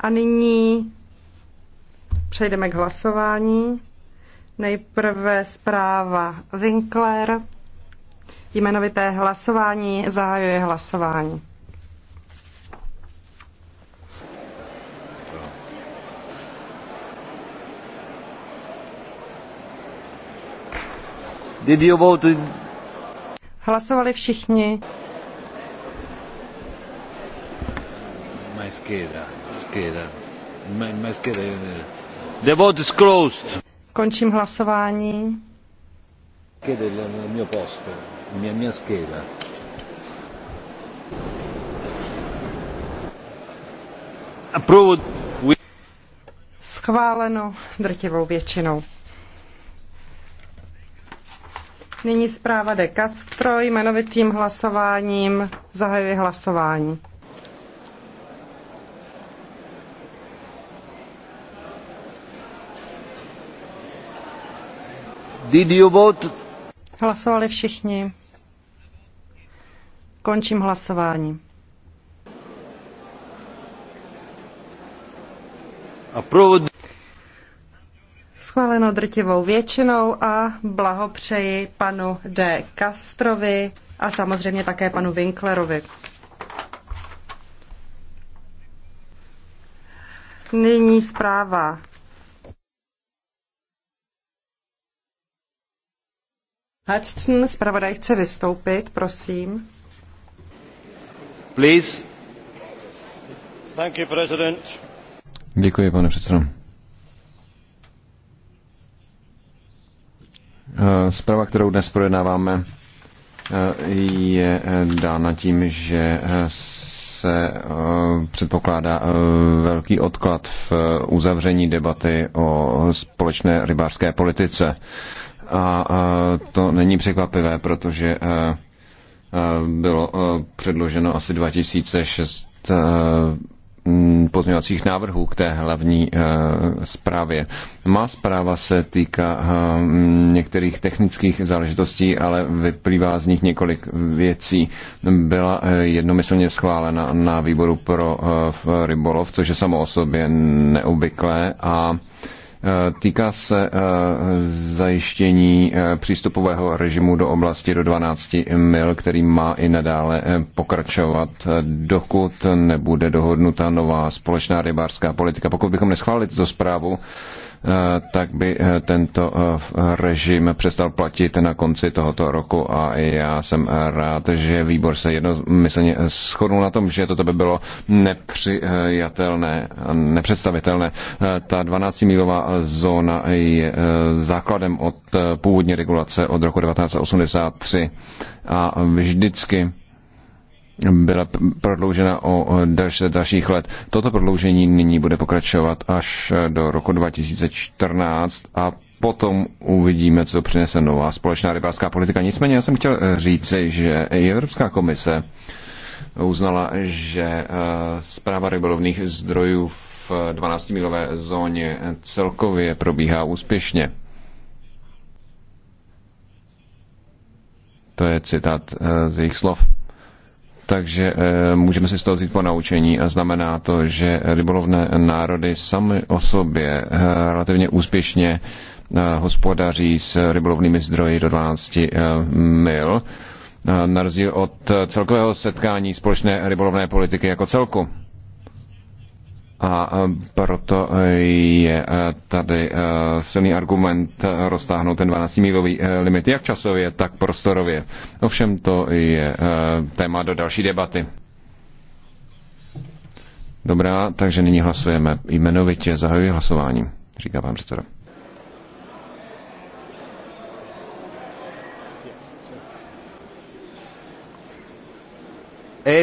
A nyní přejdeme k hlasování. Nejprve zpráva Winkler. Jmenovité hlasování zahajuje hlasování. Did you vote? Hlasovali všichni. My scheda scheda. Ma, eh, The vote is closed. Končím hlasování. Del mio posto, mia, mia scheda. Approved. Schváleno drtivou většinou. Nyní zpráva de Castro jmenovitým hlasováním zahajuje hlasování. Did you vote? Hlasovali všichni. Končím hlasování. Approved. Schváleno drtivou většinou a blahopřeji panu D. Castrovi a samozřejmě také panu Winklerovi. Nyní zpráva Hudson, zpravodaj chce vystoupit, prosím. Please. Thank you, president. Děkuji, pane předsedo. Eh, zpráva, kterou dnes projednáváme, eh, je eh, dána tím, že se předpokládá velký odklad v uzavření debaty o společné rybářské politice. A to není překvapivé, protože e, e, bylo e, předloženo asi 2006 pozměňovacích návrhů k té hlavní zprávě. Má zpráva se týká některých technických záležitostí, ale vyplývá z nich několik věcí. Byla jednomyslně schválena na výboru pro rybolov, což je samo o sobě neobvyklé a Eh, týká se eh, zajištění eh, přístupového režimu do oblasti do 12 mil, který má i nadále pokračovat, dokud nebude dohodnuta nová společná rybářská politika. Pokud bychom neschválili tuto zprávu, Eh, tak by eh, tento eh, režim přestal platit na konci tohoto roku a já jsem rád, že výbor se jednomyslně shodnul na tom, že toto by bylo nepřijatelné, nepředstavitelné. Ta 12-milová zóna je základem od původní regulace od roku 1983 a vždycky byla prodloužena o další dalších let. Toto prodloužení nyní bude pokračovat až eh, do roku 2014 a potom uvidíme, co přinese nová společná rybářská politika. Nicméně já jsem chtěl eh, říci, že i Evropská komise uznala, že eh, zpráva rybolovných zdrojů v 12-milové zóně celkově probíhá úspěšně. To je citát z jejich slov. Takže eh, můžeme si z toho vzít po naučení a znamená to, že rybolovné národy sami o sobě eh, relativně úspěšně eh, hospodaří s rybolovnými zdroji do 12 mil, na rozdíl od celkového setkání společné rybolovné politiky jako celku a proto e, je e, tady e, silný argument roztáhnout ten 12-mílový limit, jak časově, tak prostorově. Ovšem to je téma do další debaty. Dobrá, takže nyní hlasujeme jmenovitě. Zahajuji hlasování, říká pan předseda.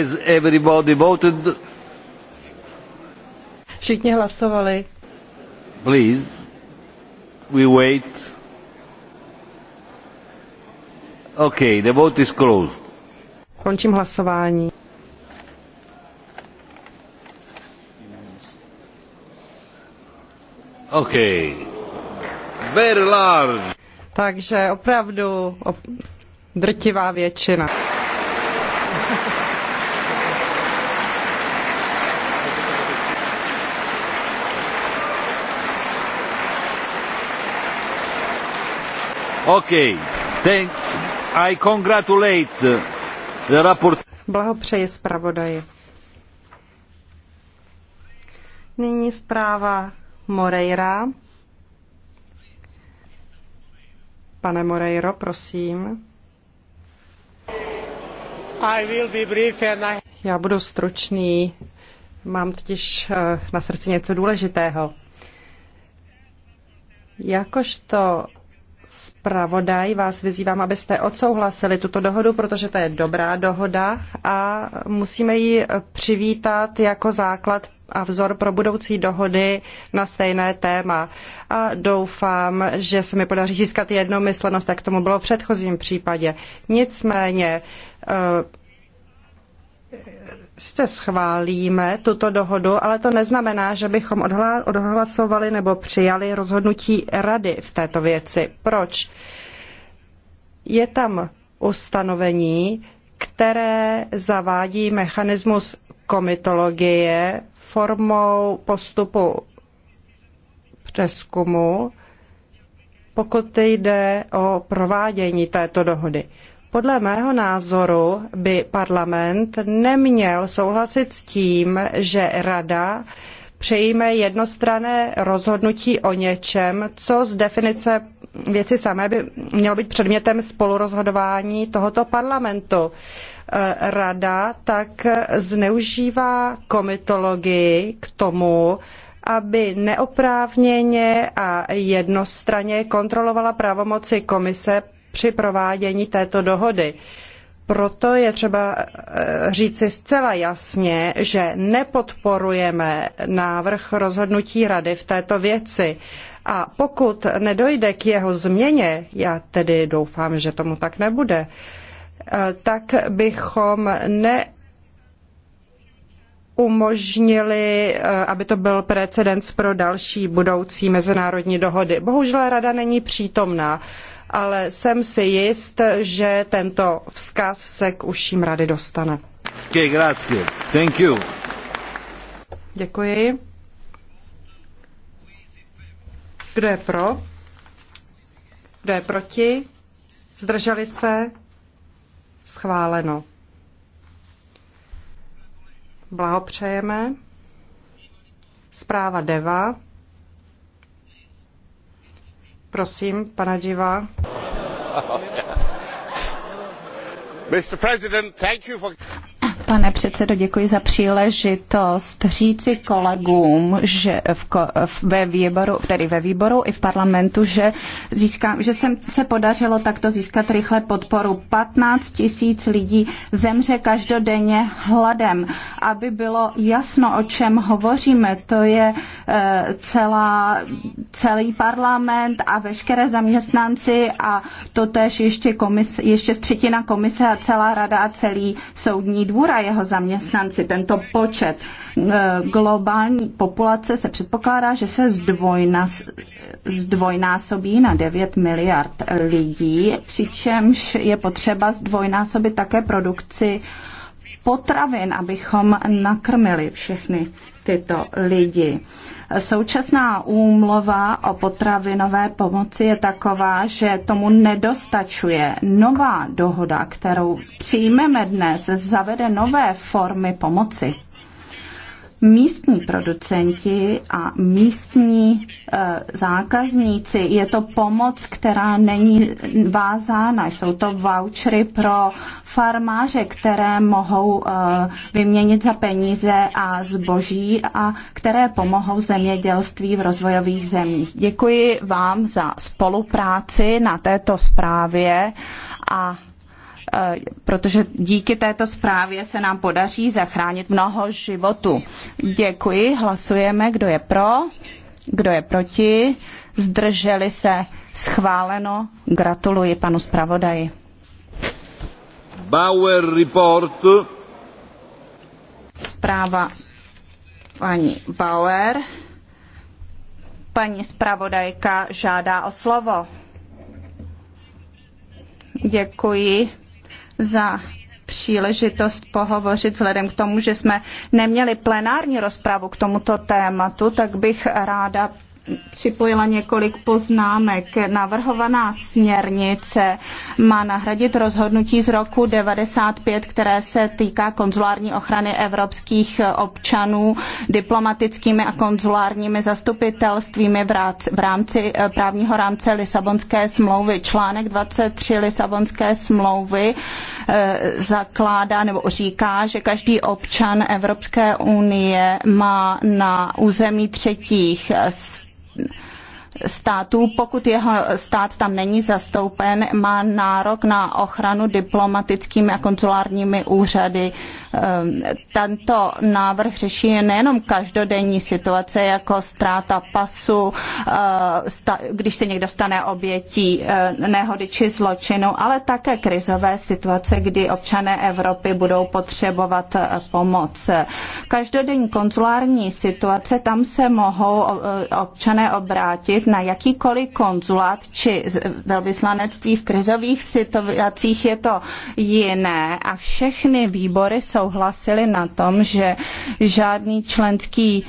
As everybody voted? Všichni hlasovali. Please, we wait. Okay, the vote is closed. Končím hlasování. Okay. Very large. Takže opravdu drtivá většina. Thank, I congratulate the Blahopřeji zpravodaji. Nyní zpráva Moreira. Pane Moreiro, prosím. I will be brief and I... Já budu stručný. Mám totiž eh, na srdci něco důležitého. Jakožto zpravodaj, vás vyzývám, abyste odsouhlasili tuto dohodu, protože to je dobrá dohoda a musíme ji přivítat jako základ a vzor pro budoucí dohody na stejné téma. A doufám, že se mi podaří získat jednomyslenost, jak tomu bylo v předchozím případě. Nicméně eh, jste schválíme tuto dohodu, ale to neznamená, že bychom odhlasovali nebo přijali rozhodnutí rady v této věci. Proč? Je tam ustanovení, které zavádí mechanismus komitologie formou postupu přeskumu, pokud jde o provádění této dohody. Podle mého názoru by parlament neměl souhlasit s tím, že rada přejme jednostrané rozhodnutí o něčem, co z definice věci samé by mělo být předmětem spolurozhodování tohoto parlamentu. E, rada tak zneužívá komitologii k tomu, aby neoprávněně a jednostranně kontrolovala pravomoci komise při provádění této dohody. Proto je třeba eh, říci zcela jasně, že nepodporujeme návrh rozhodnutí Rady v této věci. A pokud nedojde k jeho změně, já tedy doufám, že tomu tak nebude, eh, tak bychom ne umožnili, eh, aby to byl precedens pro další budoucí mezinárodní dohody. Bohužel Rada není přítomná ale jsem si jist, že tento vzkaz se k uším rady dostane. Okay, grazie. Thank you. Děkuji. Kdo je pro? Kdo je proti? Zdrželi se? Schváleno. Blahopřejeme. Zpráva DEVA. Prosím, pana Diva. Mr. President, thank you for... Pane předsedo, děkuji za příležitost říci kolegům, že v, v, ve výboru, tedy ve výboru i v parlamentu, že, získám, že jsem, se podařilo takto získat rychle podporu. 15 tisíc lidí zemře každodenně hladem. Aby bylo jasno, o čem hovoříme, to je e, celá, celý parlament a veškeré zaměstnanci a to ještě, komis, ještě třetina komise a celá rada a celý soudní dvůr a jeho zaměstnanci, tento počet. Eh, globální populace se předpokládá, že se zdvojnas, zdvojnásobí na 9 miliard lidí, přičemž je potřeba zdvojnásobit také produkci uh, potravin, abychom nakrmili všechny tyto lidi. Současná úmlova o potravinové pomoci je taková, že tomu nedostačuje. Nová dohoda, kterou přijmeme dnes, zavede nové formy pomoci místní producenti a místní eh, zákazníci. Je to pomoc, která není vázána. Jsou to vouchery pro farmáře, které mohou eh, vyměnit za peníze a zboží a které pomohou zemědělství v rozvojových zemích. Děkuji vám za spolupráci na této zprávě a Eh, protože díky této zprávě se nám podaří zachránit mnoho životů. Děkuji, hlasujeme, kdo je pro, kdo je proti, zdrželi se, schváleno, gratuluji panu zpravodaji. Bauer Report. Zpráva paní Bauer. Paní zpravodajka žádá o slovo. Děkuji za příležitost pohovořit vzhledem k tomu, že jsme neměli plenární rozpravu k tomuto tématu, tak bych ráda připojila několik poznámek. Navrhovaná směrnice má nahradit rozhodnutí z roku 95, které se týká konzulární ochrany evropských občanů diplomatickými a konzulárními zastupitelstvími v rámci eh, právního rámce Lisabonské smlouvy. Článek 23 Lisabonské smlouvy eh, zakládá nebo říká, že každý občan Evropské unie má na území třetích států, pokud jeho stát tam není zastoupen, má nárok na ochranu diplomatickými a konzulárními úřady. Ehm, tento návrh řeší nejenom každodenní situace, jako ztráta pasu, eh, když se někdo stane obětí eh, nehody či zločinu, ale také krizové situace, kdy občané Evropy budou potřebovat eh, pomoc. Každodenní konzulární situace, tam se mohou občané obrátit jít na jakýkoliv konzulát či velvyslanectví v krizových situacích je to jiné a všechny výbory souhlasily na tom, že žádný členský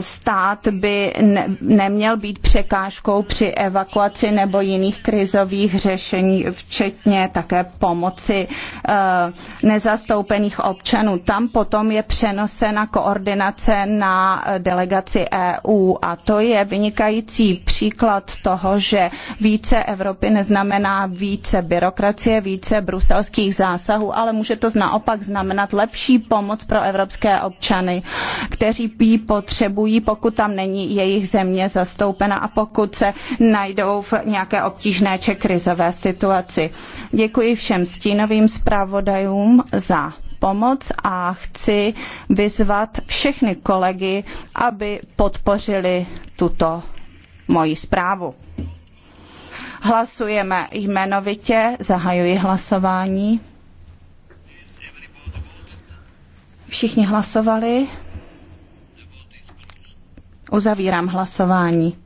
stát by ne, neměl být překážkou při evakuaci nebo jiných krizových řešení, včetně také pomoci uh, nezastoupených občanů. Tam potom je přenosena koordinace na delegaci EU a to je vynikající příklad toho, že více Evropy neznamená více byrokracie, více bruselských zásahů, ale může to naopak znamenat lepší pomoc pro evropské občany, kteří ji potřebují potřebují, pokud tam není jejich země zastoupena a pokud se najdou v nějaké obtížné či krizové situaci. Děkuji všem stínovým zpravodajům za pomoc a chci vyzvat všechny kolegy, aby podpořili tuto moji zprávu. Hlasujeme jmenovitě, zahajuji hlasování. Všichni hlasovali. Uzavírám hlasování.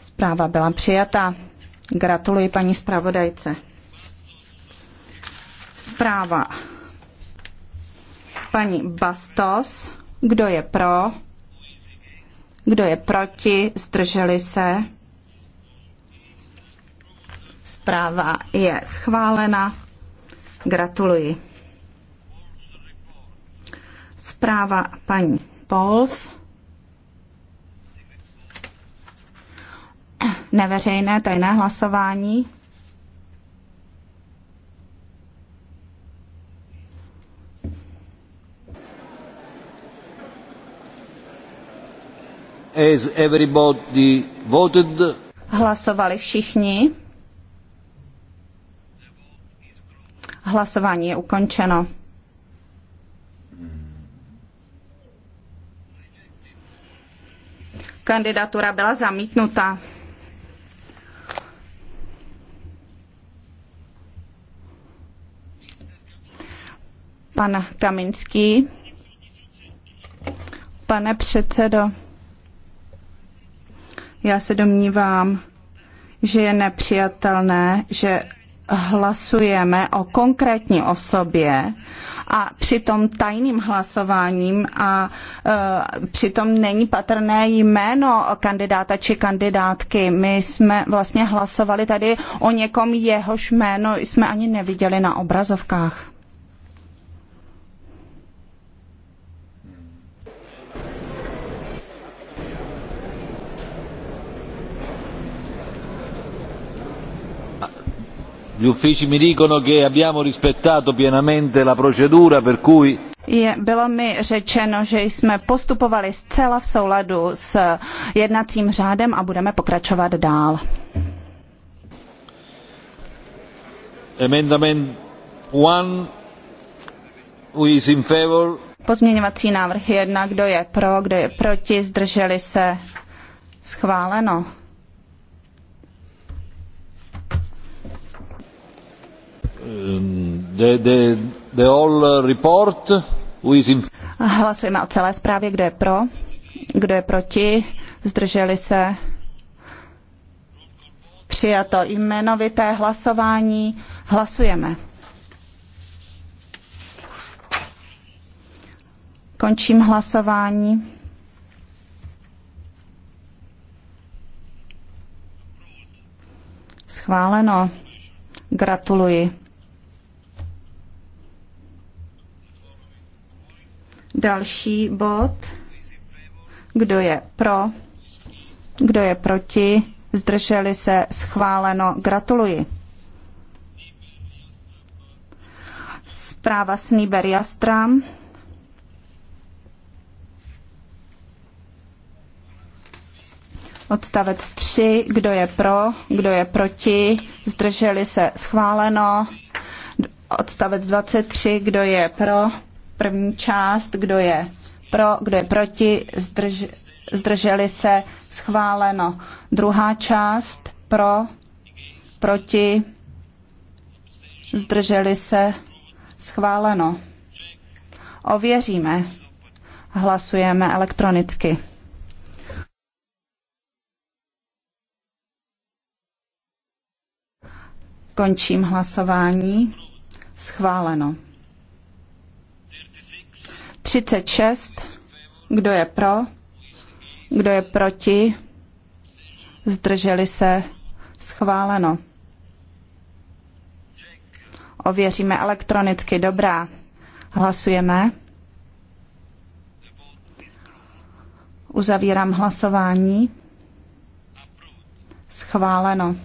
Zpráva byla přijata. Gratuluji paní zpravodajce. Zpráva paní Bastos. Kdo je pro? Kdo je proti? Zdrželi se? Zpráva je schválena. Gratuluji. Zpráva paní Pols. Neveřejné tajné hlasování. As everybody voted. Hlasovali všichni. Hlasování je ukončeno. kandidatura byla zamítnuta. Pan Kaminský. Pane předsedo, já se domnívám, že je nepřijatelné, že hlasujeme o konkrétní osobě a přitom tajným hlasováním a e, přitom není patrné jméno kandidáta či kandidátky. My jsme vlastně hlasovali tady o někom, jehož jméno jsme ani neviděli na obrazovkách. Gli uffici mi dicono che abbiamo rispettato pienamente la procedura, per cui je, bylo mi řečeno, že jsme postupovali zcela v souladu s jednacím řádem a budeme pokračovat dál. Amendment 1 who is in favor. Pozměňovací návrh jedna, kdo je pro, kdo je proti, zdrželi se schváleno. Uh, Hlasujeme o celé zprávě, kdo je pro, kdo je proti, zdrželi se. Přijato jmenovité hlasování. Hlasujeme. Končím hlasování. Schváleno. Gratuluji. Další bod. Kdo je pro? Kdo je proti? Zdrželi se schváleno. Gratuluji. Zpráva Sníber Jastram. Odstavec 3. Kdo je pro? Kdo je proti? Zdrželi se schváleno. Odstavec 23. Kdo je pro? První část, kdo je pro, kdo je proti, zdrž, zdrželi se, schváleno. Druhá část, pro, proti, zdrželi se, schváleno. Ověříme. Hlasujeme elektronicky. Končím hlasování. Schváleno. 36. Kdo je pro? Kdo je proti? Zdrželi se? Schváleno. Ověříme elektronicky. Dobrá. Hlasujeme. Uzavírám hlasování. Schváleno.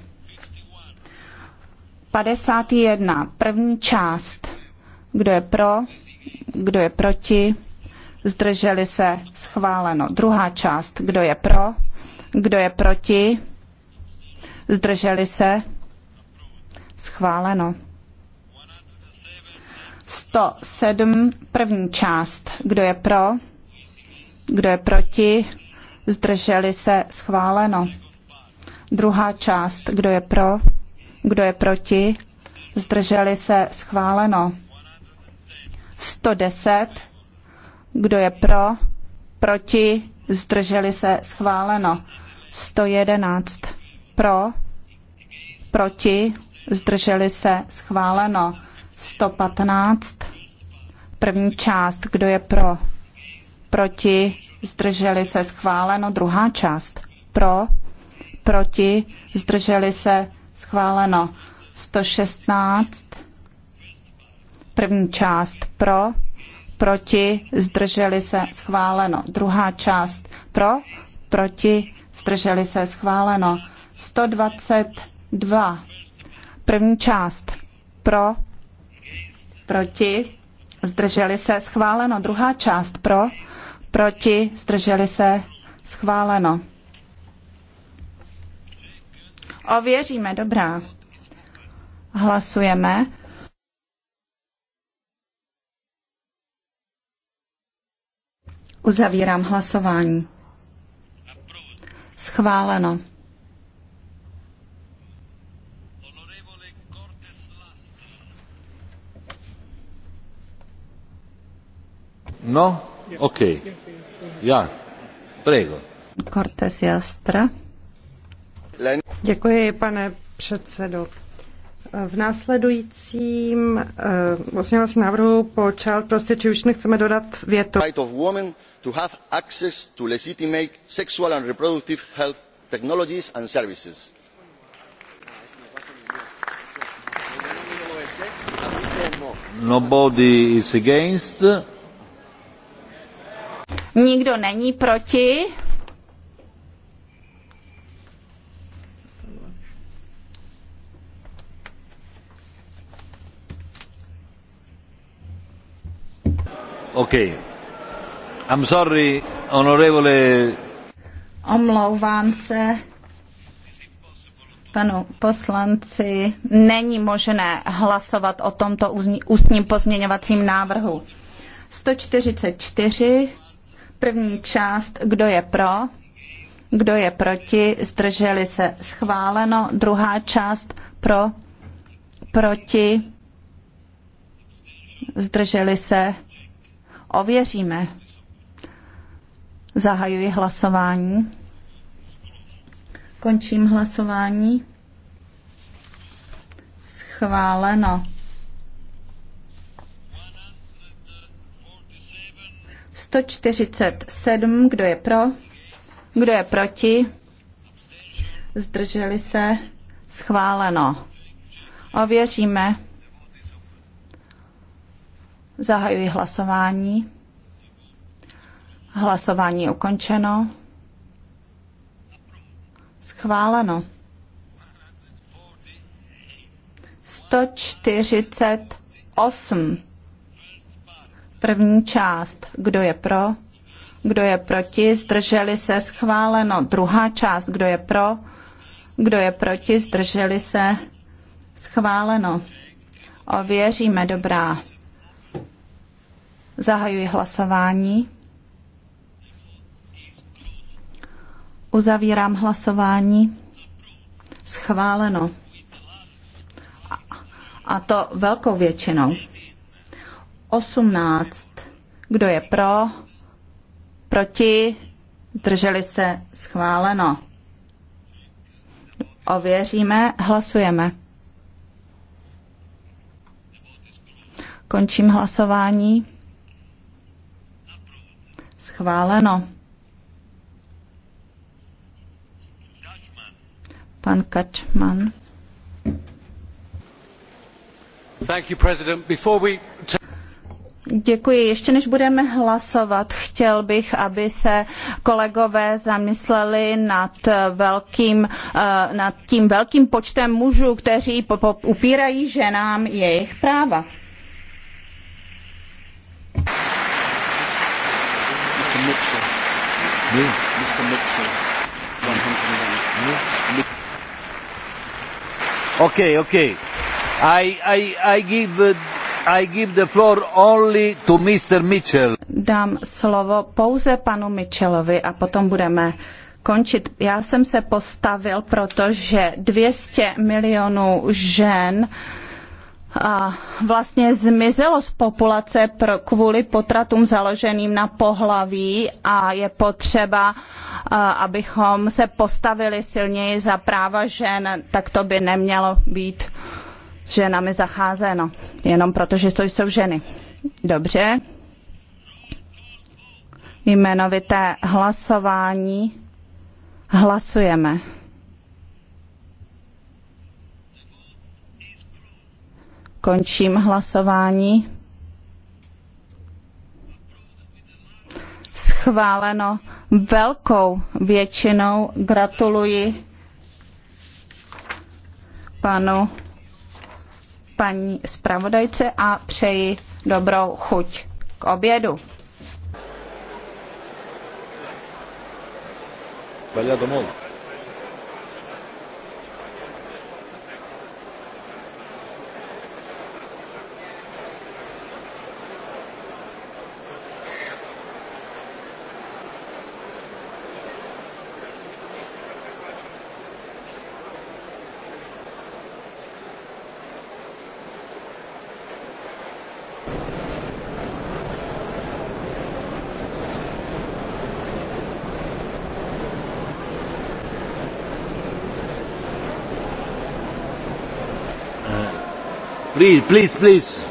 51. První část. Kdo je pro? Kdo je proti? Zdrželi se? Schváleno. Druhá část. Kdo je pro? Kdo je proti? Zdrželi se? Schváleno. 107. První část. Kdo je pro? Kdo je proti? Zdrželi se? Schváleno. Druhá část. Kdo je pro? Kdo je proti? Zdrželi se? Schváleno. 110. Kdo je pro? Proti? Zdrželi se? Schváleno. 111. Pro? Proti? Zdrželi se? Schváleno. 115. První část. Kdo je pro? Proti? Zdrželi se? Schváleno. Druhá část. Pro? Proti? Zdrželi se? Schváleno. 116 První část pro, proti, zdrželi se, schváleno. Druhá část pro, proti, zdrželi se, schváleno. 122. První část pro, proti, zdrželi se, schváleno. Druhá část pro, proti, zdrželi se, schváleno. Ověříme, dobrá. Hlasujeme. Uzavírám hlasování. Schváleno. No, ok. Já. Prego. Cortes Jastra. Děkuji, pane předsedo. V následujícím pozměňovacím eh, návrhu po child prostitution chceme dodat větu. Right of women to have access to legitimate sexual and reproductive health technologies and services. Nobody is against. Nikdo není proti. Okay. I'm sorry, honorable... Omlouvám se panu poslanci. Není možné hlasovat o tomto ústním pozměňovacím návrhu. 144, první část, kdo je pro, kdo je proti, zdrželi se schváleno, druhá část pro, proti, zdrželi se ověříme. Zahajuji hlasování. Končím hlasování. Schváleno. 147, kdo je pro, kdo je proti, zdrželi se, schváleno. Ověříme. Zahajuji hlasování. Hlasování je ukončeno. Schváleno. 148. První část. Kdo je pro? Kdo je proti? Zdrželi se? Schváleno. Druhá část. Kdo je pro? Kdo je proti? Zdrželi se? Schváleno. Ověříme. Dobrá. Zahajuji hlasování. Uzavírám hlasování. Schváleno. A to velkou většinou. 18. Kdo je pro? Proti? Drželi se? Schváleno. Ověříme, hlasujeme. Končím hlasování. Schváleno. Pan Kačman. Thank you, President. Before we... Děkuji. Ještě než budeme hlasovat, chtěl bych, aby se kolegové zamysleli nad, velkým, eh, nad tím velkým počtem mužů, kteří upírají ženám jejich práva. No. Mr. Mitchell, Okay, okay. I, I, I give, uh, I give the floor only to Mr. Mitchell. Dám slovo pouze panu Mitchellovi a potom budeme končit. Já jsem se postavil, protože 200 milionů žen uh, a vlastně zmizelo z populace pro, kvůli potratům založeným na pohlaví a je potřeba, abychom se postavili silněji za práva žen, tak to by nemělo být ženami zacházeno, jenom protože to jsou ženy. Dobře. Jmenovité hlasování. Hlasujeme. Končím hlasování. Schváleno velkou většinou. Gratuluji panu paní zpravodajce a přeji dobrou chuť k obědu. Sbagliato molto. Please, please, please.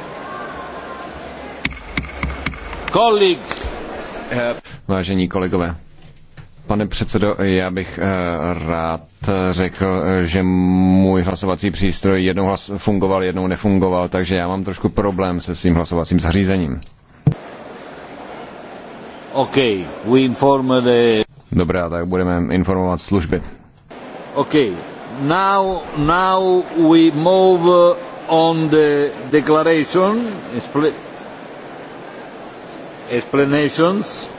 Colleagues. Vážení kolegové, pane předsedo, já bych eh, rád řekl, eh, že můj hlasovací přístroj jednou hlas fungoval, jednou nefungoval, takže já mám trošku problém se svým hlasovacím zařízením. OK, we inform the... Dobrá, tak budeme informovat služby. OK, now, now we move on the declaration, explanations.